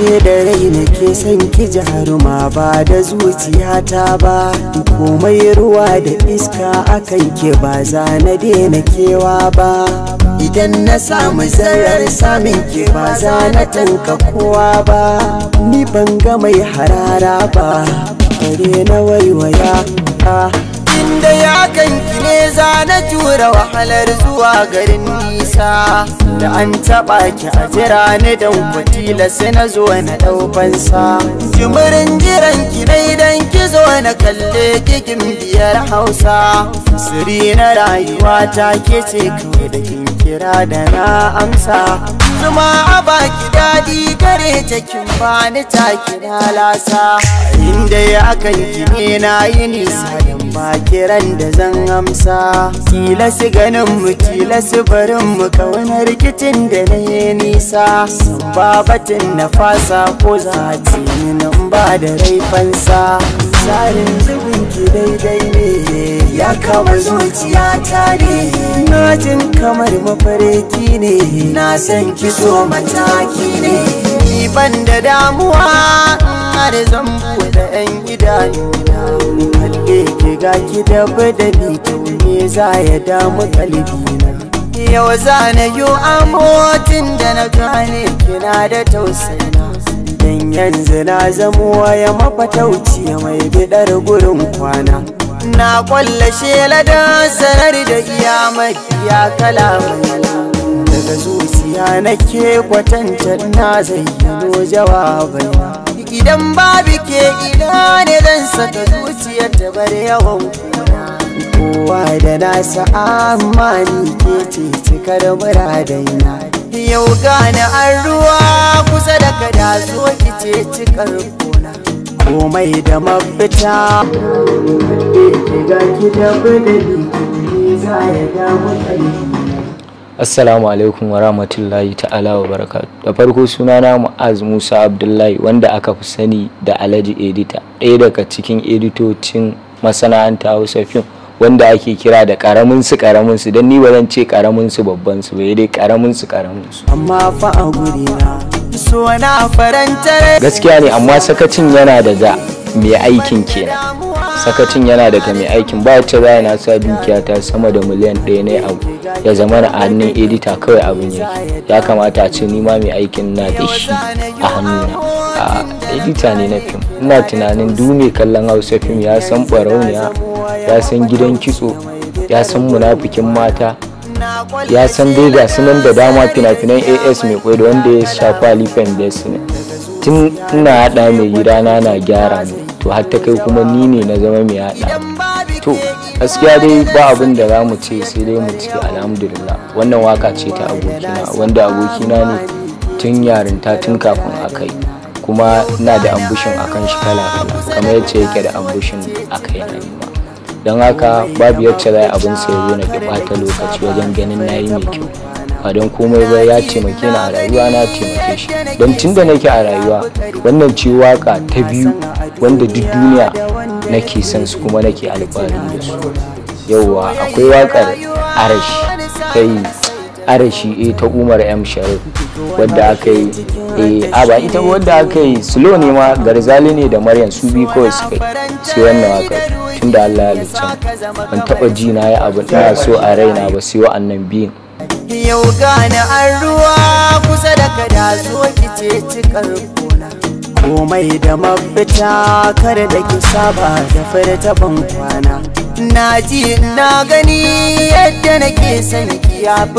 yaushe da rai nake san ki jaruma ba da zuciyata ba komai ruwa da iska akan ke ba za na daina kewa ba idan na samu zarar samin ke ba za na tanka kowa ba ni ban ga mai harara ba kare na waiwaya inda ya kanki ne za na tura wahalar zuwa garin nisa da an taɓa ki a jira ni dan kwatila sai na zo na ɗaufansa jimirin jiran ki ne dan ki zo na kalle kikin biyar hausa siri na rayuwa ta ke ce kawai da kin kira da na amsa zuma a baki daɗi gare ta kin bani ta kira lasa inda ya kanki ne na yi nisa ba kiran da zan amsa kila su ganin mu kila su barin mu kauna rikicin da na yi nisa ba batin na fasa ko za ce min ba da raifansa tsarin zubin ki daidai ne ya kama zuciya ta ne na jin kamar mafariki ne na san ki so mataki ne ban da damuwa da zan buɗe 'yan idanuna da ki da badani to me za ya damu kalbina yau za na yi amotin da na gane kina da tausayina dan yanzu na zamo waya mafatauci mai bidar gurin kwana na kwalla shela da sanar da iya kala kalamayala daga zuciya ke kwatanta na zayyano jawabaina idan babu ke ina ne zan saka zuciyar da bar yawan kuna kowa da nasa amani ke ce cikar muradaina yau gane an ruwa kusa da kada zo ki ce cikar kuna komai da mafita ki ga ki da za ya damu kai Assalamu alaikum wa rahmatullahi ta'ala wa barakatu. Da farko sunana Mu'az Musa Abdullahi wanda aka fi sani da Alhaji Edita, ɗaya daga cikin editocin masana'anta Hausa fim wanda ake kira da karamin su karamin su don ni ba zan ce karamin su babban su bai dai karamin su karamin su. Amma fa a guri na so na faranta Gaskiya ne amma sakacin yana da da mai aikin kenan. sakacin yana daga mai aikin ba ta baya na sa dukiya ta sama da miliyan ɗaya ne abu ya zama na hannun edita kawai abin yake ya kamata a ce ni ma mai aikin na da shi a hannuna a edita ne na fim ina tunanin du mai kallon hausa fim ya san barauniya ya san gidan kitso ya san munafikin mata ya san dai ga sunan da dama fina-finan as mai kwai da wanda ya shafa lifan destiny tun ina haɗa mai gidana na gyara ne to har ta kai kuma ni ne na zama mai yada to gaskiya dai ba abin da za mu ce sai dai mu ci alhamdulillah wannan waka ce ta abokina wanda abokina ne tun yarinta tun kafin a kai kuma na da ambushin akan shi kala kala kamar yacce yake da ambushin a kai na ma don haka babu yacce zai abin sai zo na ɓata lokaci wajen ganin nayi yi mai kyau ba don komai ba ya taimake ni a rayuwa na taimake shi don tun da nake a rayuwa wannan ce waka ta biyu wanda duk duniya nake son su kuma nake alfahari da su yauwa akwai wakar arashi kai arashi e ta umar m sharif wadda aka yi e ba ita wadda aka yi slow ne ma garzali ne da maryam su bi kawai suka yi su wannan wakar tun da allah ya ban taba ji na yi abu ina so a raina ba sai wa'annan biyun yau gane an ruwa kusa da kada cikar gona komai da mafita kar da ki saba da furta kwana na ji na gani yadda nake son ya